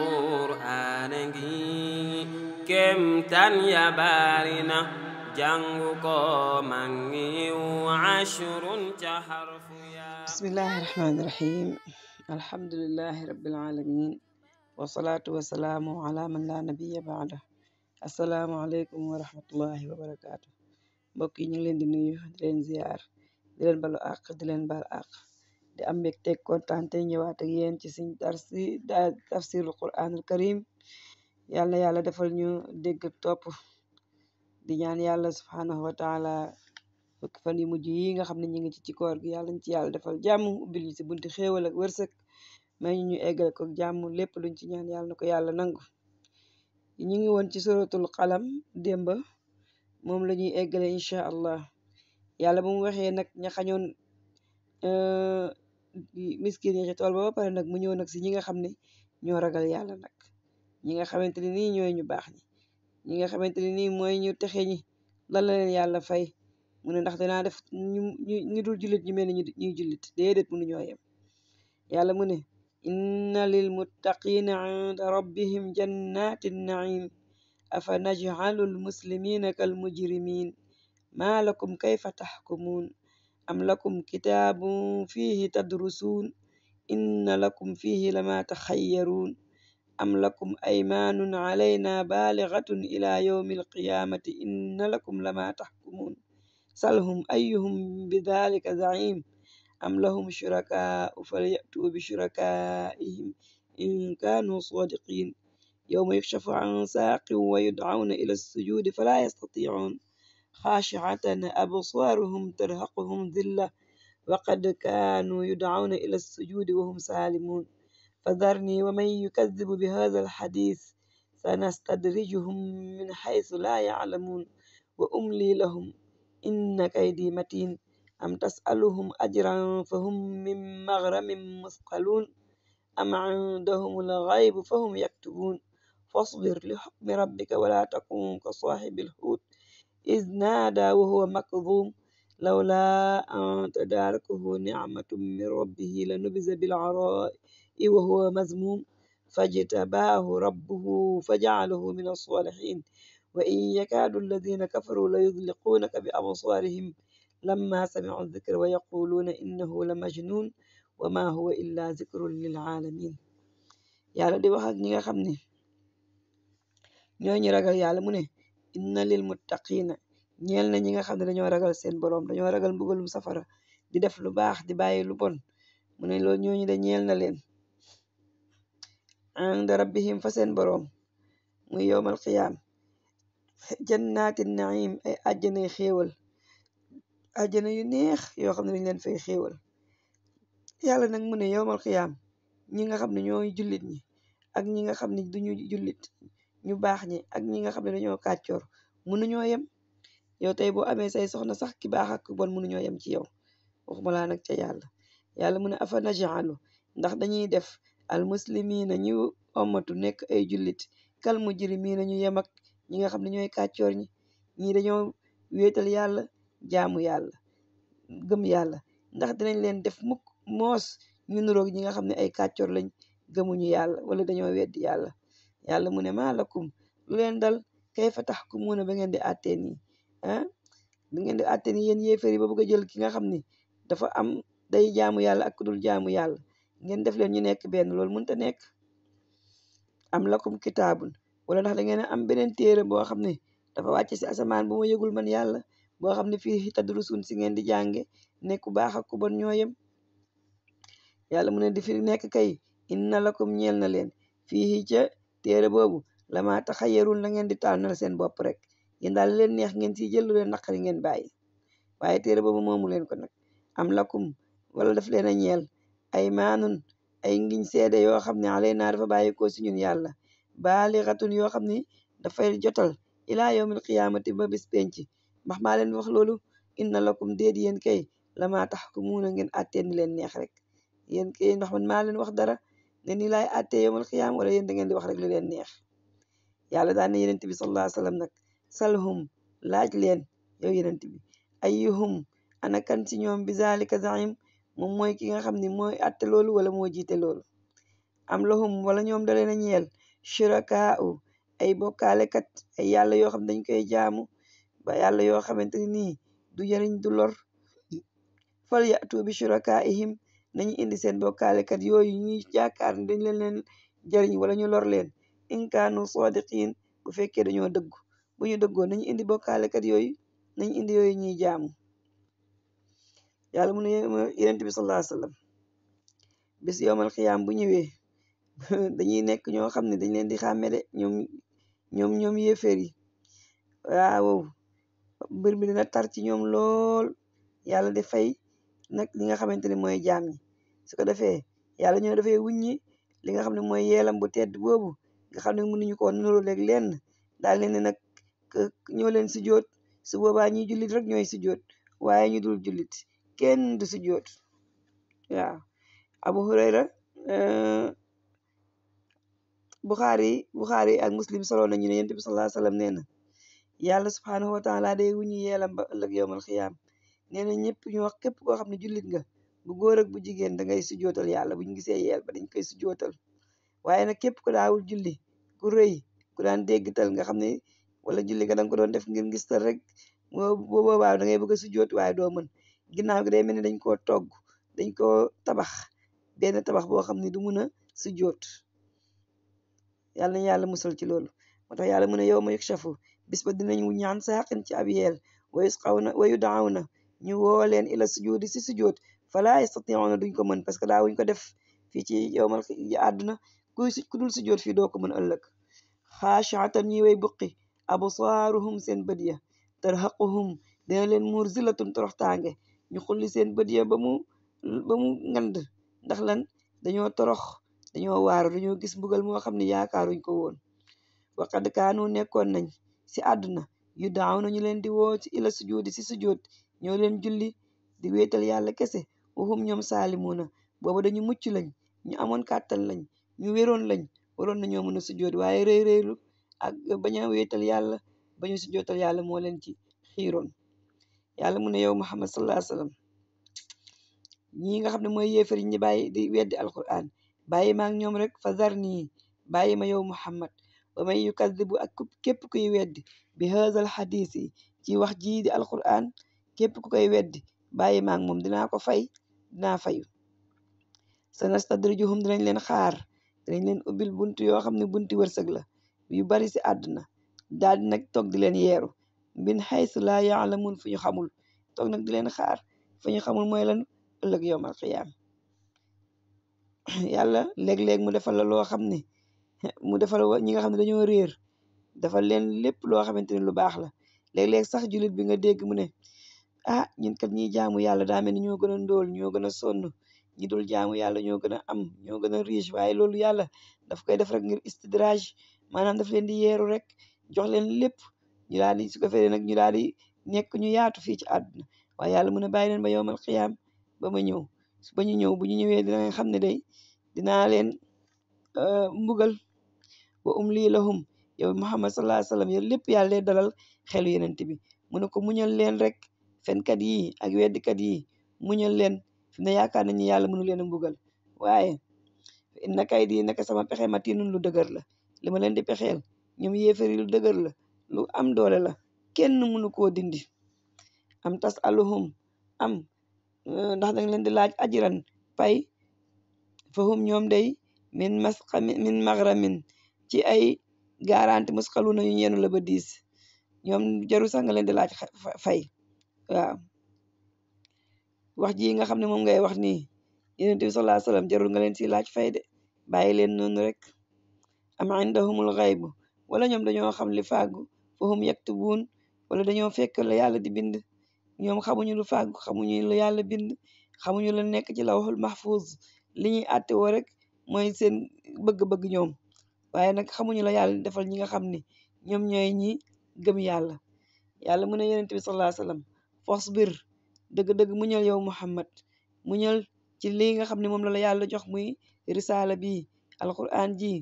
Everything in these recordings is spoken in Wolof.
qur'aana ngi bismillahi rahmaani rahim alhamdulillahi rabbil alamin wasalaatu wasalaamu ala man laa nabiya baada assalaamu aleykum wa rahmatullahi wa barakaatu mbokk yi ñu ngi leen di nuyu di leen ziyaar di di am mbégte kontaante ñëwaat ak yéen ci suñ darsi tafsirul quranul karim yal na yàlla defal ñu dégg topp di ñaan yàlla subhanahu wa taala fukki fan yu mujj yi nga xam ne ñu ngi ci ci koor gi yàlla ñu ci yàlla defal jàmm ubbil ñu si bunti xéewal ak wërsëg may ñu ñu eggale ko jàmm lépp luñ ci ñaan yàlla na ko yàlla nangu ñu ngi woon ci suratul qalam démba moom la ñuy eggale incha allah yàlla mu waxee nag ña euh, miskin yi ci tool ba ba pare nag mu ñëw nag si ñi nga xam ne ñoo ragal yàlla nag ñi nga xamante ne nii ñooy ñu baax ñi ñi nga xamante ne nii mooy ñu texe ñi lan la leen yàlla fay mu ne ndax danaa def ñu ñu dul jullit ñu mel ni ñuy jullit déedéet mënu ñoo yem yàlla mu ne inna lil muttaqina inda rabbihim jannatin naim afa naj'alul muslimina kal mujrimin maa lakum kayfa taxkumuun am lakum kitaabu fiihi tadrusuun inna lakum fiihi lama taxayyaruun am lakum aymaanun calayna baaligatun ila yowmi alqiyaamati inna lakum lama taxkumuun salhum ayuhum bidalika zaciim am lahum shurakaau falya'tuu bishurakaa'ihim in kaanuu saadiqiin yowma yukshafu can saaqin wa yudcawna ila alsujuudi falaa yastatiicuun خاشعة أبصارهم ترهقهم ذلة وقد كانوا يدعون إلى السجود وهم سالمون فذرني ومن يكذب بهذا الحديث سنستدرجهم من حيث لا يعلمون وأملي لهم إن كيدي متين أم تسألهم أجرا فهم من مغرم مثقلون أم عندهم الغيب فهم يكتبون فاصبر لحكم ربك ولا تكن كصاحب الحوت iz naada wa huwa makdum lawla an tadaarakahu nicmatun min rabbihi la nubiza bil araa'i wa huwa mazmum fajtabaahu rabbuhu fajacalahu min as-saalihin wa in yakaadu alladina kafaru la yudliquunaka bi absaarihim lamma samicu dikra wa yaquluuna innahu la majnun wa ma huwa illa zikrun lil aalamin yàlla di wax ak ñi nga xam ne ñooñu ragal yàlla mu ne innalil muttaqiina ñeel na ñi nga xam ne dañoo ragal seen boroom dañoo ragal mbugalum safara di def lu baax di bàyyi lu bon mu ne lool ñooñu de ñeel na leen inda rabbihim fa seen boroom muy yowmal qiyaam jannaati naim ay àjjanay xéewal àjjana yu neex yoo xam ne dañ leen fay xéewal yàlla nag mu ne yowmal qiyaam ñi nga xam ne ñooy jullit ñi ak ñi nga xam ne duñu jullit ñu baax ñi ak ñi nga xam ne dañoo kàccoor mënuñoo yem yow tey boo amee say soxna sax ki baax ak bon mënuñoo yem ci yow waxuma laa nag ca yàlla yàlla mu ne afa najaalu ndax dañuy def al muslimiina ñu ommatu nekk ay jullit kal mujrimiina ñu yem ak ñi nga xam ne ñooy kàccoor ñi ñii dañoo wéetal yàlla jaamu yàlla gëm yàlla ndax dinañ leen def mukk moos ñu nuroog ñi nga xam ne ay kàccoor lañ gëmuñu yàlla wala dañoo weddi yàlla yàlla mu ne maa lakum lu leen dal kay fa tax ku mun a ba ngeen di àttee nii ah ba ngeen di àttee nii yéen yi ba bëgg a jël ki nga xam ni dafa am day jaamu yàlla ak ku dul jaamu yàlla ngeen def leen ñu nekk benn loolu mënut a nekk am lakum kitaabun wala ndax da ngeen am beneen téere boo xam ne dafa wàcc si asamaan bu ma man yàlla boo xam ne fii tadrusuun si ngeen di jànge nekk ku baax ak ku ñoo yem yàlla mu ne di fi nekk kay inna lakum ñeel na leen fii ca téere boobu lama taxa yarun la ngeen di tànnal seen bopp rek yéen daal leen neex ngeen ci jël lu leen naqari ngeen bàyyi waaye téere boobu moomu leen ko nag am lakum wala daf leen a ñeel ay maanun ay ngiñ seede yoo xam ne alay naa dafa bàyyi ko si ñun yàlla baalixatun yoo xam ne dafay jotal ilaa yawmil qiyaamati ba bis penc mbax maa leen wax loolu inna lakum déet yéen kay lama tax ku muuna ngeen àttee leen neex rek yéen kay ndax man maa leen wax dara ne nii laay àttee yowmal xiyaam wala yéen da ngeen di wax rek lu leen neex yàlla daan ne yenent bi sallallahu alayhi wasallam nag salhum laaj leen yow yenent bi ayyuhum ana kan ci ñoom bi zalika zaim moom mooy ki nga xam ne mooy àtte loolu wala moo jiite loolu am lahum wala ñoom da leen a ñeel shurakaa'u ay bokkaalekat ay yàlla yoo xam dañ koy jaamu ba yàlla yoo xamante nii du jëriñ du lor fal yatu bi shurakaa'ihim nañu indi seen bokkaalekat yooyu ñuy yaakaar ni dañ leen leen jariñ wala ñu lor leen inkaanu sadiqin bu fekkee dañoo dëggu bu ñu dëggoo nañu indi bokkaalekat yooyu nañu indi yooyu ñuy jaamu yàlla mun ne yonent bi sallallahu alayhi wasallam bis bu ñëwee dañuy nekk ñoo xam ne dañ leen di xàmme de ñoom ñoom ñoom yéeféer yi waaw mbir mi dina tar ci ñoom lool yàlla di fay nag li nga xamante ne mooy jaam ñi su yàlla ñoo dafay wuññi li nga xam ne mooy yeelam bu tedd boobu nga xam ne mënuñu koo nuru leeg lenn daal leen ne nag ñoo leen sujjóot su boobaa ñuy jullit rek ñooy sujjóot waaye ñu dul jullit kenn du sujjóot waaw abu hurayra eh, buxaari buxaari ak muslim solo nañu ne yonent bi sallallahu alayhi wa sallam nee na yàlla subhanahu wa taala day wuññi yeelam ba ëllëg yowmal xiyaam nee na ñëpp ñu wax képp koo xam ne jullit nga bu góor ak bu jigéen da ngay sujootal yàlla buñu gisee yeel ba dañ koy sujootal waaye nag képp ku daawul julli ku rëy ku daan déggtal nga xam ne wala julli nga danga ko doon def ngir ngistal rek moo boobaa da ngay bëgg a sujoot waaye doo mën ginnaaw gi day mel ni dañ koo togg dañ koo tabax benn tabax boo xam ne du mun a sujoot yàlla nañ musal ci loolu moo yàlla mën a yow ma yuk shafu bis ba dinañ ñaan saaxin ci ab xaw na wayu daaw na ñu woo leen ila sujudi si sujud fala yastatiuna duñ ko mën parce que daa wuñ ko def fii ci yowmal àdduna kuy si ku dul sujud fii doo ko mën ëllëg xaashaatan ñuy way buqi absaaruhum seen bët ya tarhaquhum dina leen muur zillatun tàngee ñu xulli seen bët ya ba mu ba mu ngand ndax lan dañoo torox dañoo waar dañoo gis mbugal moo xam ne wuñ ko woon waqad kaanu nekkoon nañ si àdduna yu daaw nañu leen di woo ci ila sujudi si sujud ñoo leen julli di wéetal yàlla kese waxum ñoom saalimuuna booba dañu mucc lañ ñu amoon kàttan lañ ñu wéroon lañ waroon nañoo mën a sujjoot waaye réy réylu ak bañ a yàlla bañu sujjootal yàlla moo leen ci xiiroon yàlla mu ne yow muhammad sallallahu alayhi wasallam ñi nga xam ne mooy yéefar yi ñi bàyyi di weddi alquran bàyyi maa ngi ñoom rek fa zarni bàyyi ma yow muhammad wa may yukadibu ak képp kuy weddi bi haazal xadiis yi ci wax jiidi di alquran képp ku koy weddi bàyyi maak moom dinaa ko fay fay dinaa fayu sanastadrijuhum dinañ leen xaar dinañ leen ubbil bunt yoo xam ne bunti wërsëg la yu bari si àdduna daal di nag toog di leen yeeru mbin xaysu laa mun fu ñu xamul toog nag di leen xaar fu ñu xamul mooy lan ëllëg yowmal xiyaam yàlla léeg-léeg mu defal la loo xam ne mu defal ñi nga xam ne dañoo réer dafa leen lépp loo xamante ne lu baax la léeg-léeg sax jullit bi nga dégg mu ne ah ñun kat ñiy jaamu yàlla daa mel ni ñoo gën a ndóol ñoo gën a sonn ñi dul jaamu yàlla ñoo gën a am ñoo gën a riche waaye loolu yàlla daf koy def rek ngir istidraaj maanaam daf leen di yeeru rek jox leen lépp ñu daal di su ko fee nag ñu daal di nekk ñu yaatu fii ci àdduna waaye yàlla mun a bàyyi leen ba yowmal xiyaam ba ma ñëw su ba ñu ñëw bu ñu ñëwee dina xam ne day dinaa leen eh, mbugal wa um lii lahum yow Muhammad sallallahu alayhi wa sallam yow lépp yàlla dalal xel yenente bi mu ne ko muñal leen rek fenkat yi ak weddikat yi muñal leen fi yaakaar ne ñu nañu yàlla mënu leen a mbugal waaye inna kay di naka sama pexe matinun lu dëgër la li ma leen di pexeel ñoom yéefari lu dëgër la lu am doole la kenn mënu koo dindi am tas aluhum am euh, ndax danga leen di laaj ajiran pay fahum ñoom day min masqa min maghramin ci ay garanti musqaluna yu ñeenu la ba diis ñoom jaru sax leen di laaj fay waaw wax ji nga xam ne moom ngay wax nii yonent bi sallallahu alayhi wasallam jarul nga leen ci laaj fay de bàyyi leen noonu rek am indahumul xaybu wala ñoom dañoo xam li fàggu fahum yaktubuun wala dañoo fekk la yàlla di bind ñoom xamuñu lu fàggu xamuñu la yàlla bind xamuñu la nekk ci lawhul mahfuz li ñuy ate wo rek mooy seen bëgg-bëgg ñoom waaye nag xamuñu la yàlla defal ñi nga xam ni ñoom ñooy ñi gëm yàlla yàlla mu ne yonent bi sallallahu alayhi fasbir dëgg-dëgg muñal yow muhammad muñal ci lii nga xam ne moom la la yàlla jox muy risaala bi alquran ji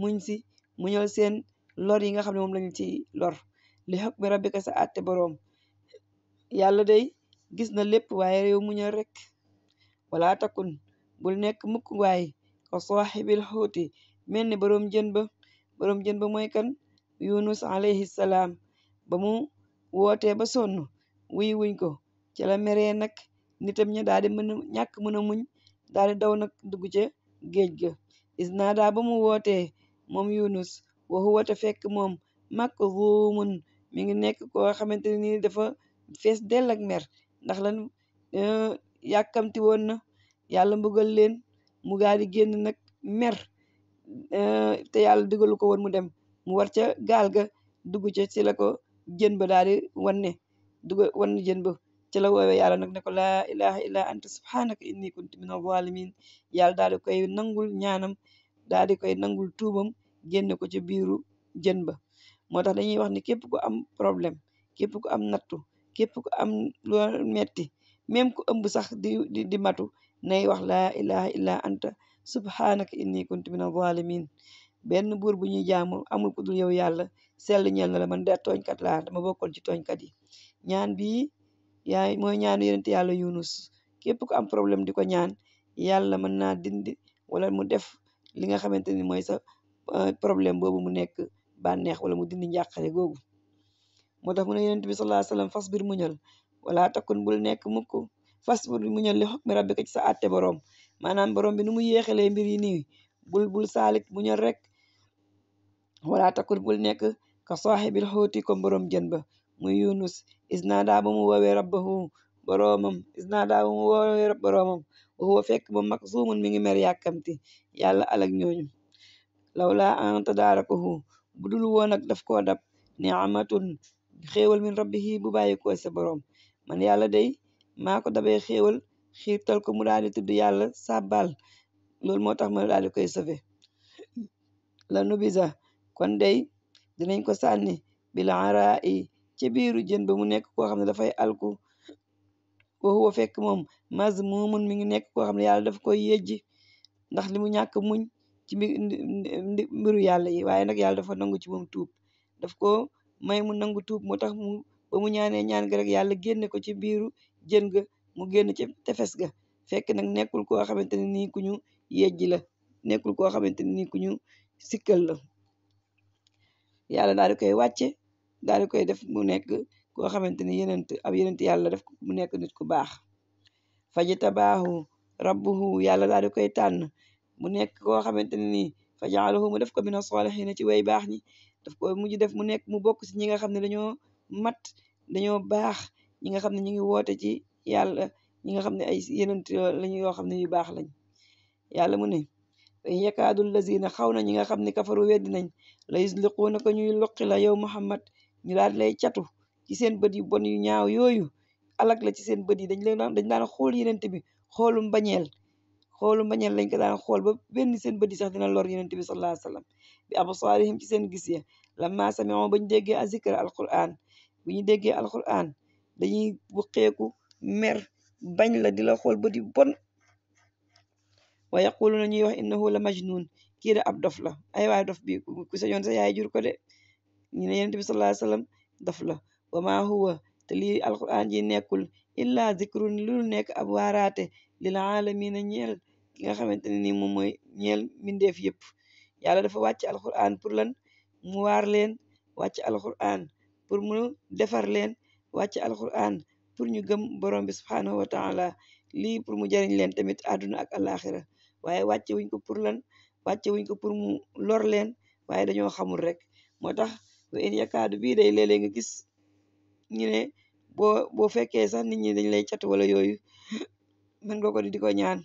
muñ si muñal seen lor yi nga xam ne moom lañu ci lor li xaq mi rabbika sa àtte boroom yàlla day gis na lépp waaye yow muñal rek wala takun bul nekk mukk waay ka saaxibil xuuti mel ni boroom jën ba boroom jën ba mooy kan yunus alayhi salaam ba mu wootee ba sonn wuy wuñ ko ci la meree nag nitam ña daal di mën a ñàkk mën a muñ daal di daw nag dugg ca géej ga is naa daa ba mu wootee moom yunus waxu wata fekk moom màkk ruumun mi ngi nekk koo xamante ni dafa fees dell ak mer ndax lan eh, yàkkamti woon na yàlla mbugal leen mu gaa di génn nag mer eh, te yàlla digalu ko woon mu dem mu war ca gaal ga dugg ca ci la ko jën ba daal di wanne duga wan jën ba ci la woowee yàlla nag ne ko laa ilaha illa anta subhanaka inni kuntu minal zalimin yàlla daal di koy nangul ñaanam daal di koy nangul tuubam génne ko ci biiru jën ba moo tax dañuy wax ni képp ku am problème képp ku am nattu képp ku am lu metti même ku ëmb sax di di di matu nay wax laa ilaha illa anta subhanaka inni kuntu minal zalimin benn buur bu ñuy jaamu amul ku dul yow yàlla sell ñeen na la man de tooñkat laa dama bokkoon ci tooñkat yi ñaan bi yaay mooy ñaanu yonent yàlla yunus képp ku am problème di ko ñaan yàlla mën naa dindi wala mu def li nga xamante ni mooy sa euh, problème boobu mu nekk banneex wala mu dindi njàqare googu moo tax mu ne yonent bi sallallahu alayhi wasallam fas bir muñal wala takkun bul nekk mukk fas bir muñal li sa àtte boroom maanaam boroom bi nu mu yéexalee mbir yi nii bul bul saalik muñal rek wala takkun bul nekk ka saaxibil xóoti kom boroom jën ba mu yunus isnaadaa ba mu woowee rabbahu boroomam isnaadaa ba mu wa huwa fekk moom maxsuumun mi ngi mer yàkkamti yàlla alak ñooñu lawlaa an tadaarakuhu bu dul woon ak daf koo dab ni'matun xéewal min rabbihi bu bàyyi ko sa boroom man yàlla day maa ko dabee xéewal ko mu daal di tudd yàlla sàbbaal moo tax ma daal koy sauvé la nubisa kon day dinañ ko sànni bil araa ca biiru jën ba mu nekk koo xam ne dafay alku wa huwa fekk moom maz mumun mu ngi nekk koo xam ne yàlla dafa ko yejji ndax li mu ñàkk muñ ci mbiru yàlla yi waaye nag yàlla dafa nangu ci moom tuub daf ko may mu nangu tuub moo tax mu ba mu ñaanee ñaan ga rek yàlla génne ko ci biiru jën ga mu génn ci tefes ga fekk nag nekkul koo xamante ne ni ku ñu yejji la nekkul koo xamante ne nii ku ñu sikkal la yàlla daal di koy wàcce daal di koy def mu nekk koo xamante ni yenent ab yenent yàlla def mu nekk nit ku baax fajtabaahu rabbuhu yàlla daal di koy tànn mu nekk koo xamante ne nii fajaalahu mu def ko mina saalihiina ci way baax ni daf ko mujj def mu nekk mu bokk si ñi nga xam ne dañoo mat dañoo baax ñi nga xam ne ñu ngi woote ci yàlla ñi nga xam ne ay yenent lañu yoo xam ne yu baax lañ yàlla mu ne yakaadul lazina xaw na ñi nga xam ne kafaru weddi nañ la yusliquuna ko ñuy luqi la yow muhammad ñu daal di lay catu ci seen bët yu bon yu ñaaw yooyu alak la ci seen bët yi dañ leen dañ daan xool yenente bi xoolu mbañeel xoolu mbañeel lañ ko daan xool ba benn seen bët yi sax dina lor yenente bi sallallahu alayhi wasallam bi absaarihim ci seen gis ya lamma sami'u bañ déggee azikra alquran bu ñu déggee alquran dañuy buqeeku mer bañ la di la xool bët yu bon wa yaqulu na ñuy wax innahu la majnun kii da ab dof la ay waay dof bi ku sa yoon sa yaay jur ko de ñu ne yonent bi sallallahu alayhi wasallam daf la wama huwa te lii alquran ji nekkul illa zikrun lu nekk ab waaraate lil aalamiina ñeel ki nga xamante ne ni moom mooy ñeel mbindeef yëpp yàlla dafa wàcc alquran pour lan mu waar leen wàcc alquran pour mu defar leen wàcc alquran pour ñu gëm borom bi subhaanahu wa taala lii pour mu jariñ leen tamit àdduna ak alaxira waaye wàcce wuñ ko pour lan wàcce wuñ ko pour mu lor leen waaye dañoo xamul rek moo tax wa in yakaadu bii day léeg nga gis ñu ne boo boo fekkee sax nit ñi dañ lay cat wala yooyu man nga ko di ko ñaan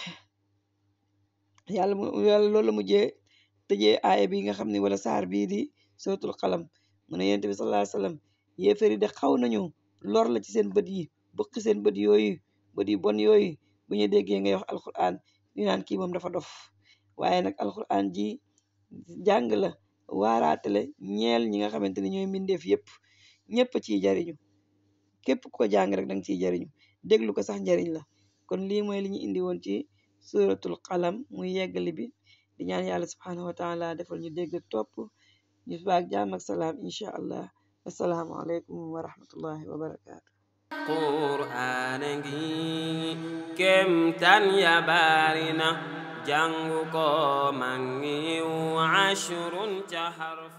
yàlla mu yàlla loolu la mujjee tëjee aaya bii nga xam ni wala saar bii di sootul xalam mu ne yonent bi sallallahu alayhi wasallam yéefar yi de xaw nañu lor la ci seen bët yi bëq seen bët yooyu bët yi bon yooyu bu ñu déggee ngay wax alquran ñu naan kii moom dafa dof waaye nag alquran ji jàng la waaraatale ñeel ñi nga xamante ni ñooy mbindeef yépp ñépp ciy jariñu képp ko jàng rek dang ciy jariñu déglu ko sax njariñ la kon lii mooy li ñu indi woon ci suratul qalam muy yeggali bi di ñaan yàlla subhanahu wa taala ñu dégg topp ñu baag jaam ak salaam incha allah assalaamu aleykum wa rahmatullahi jàng ko ma ngi yiw ashrun ca xarf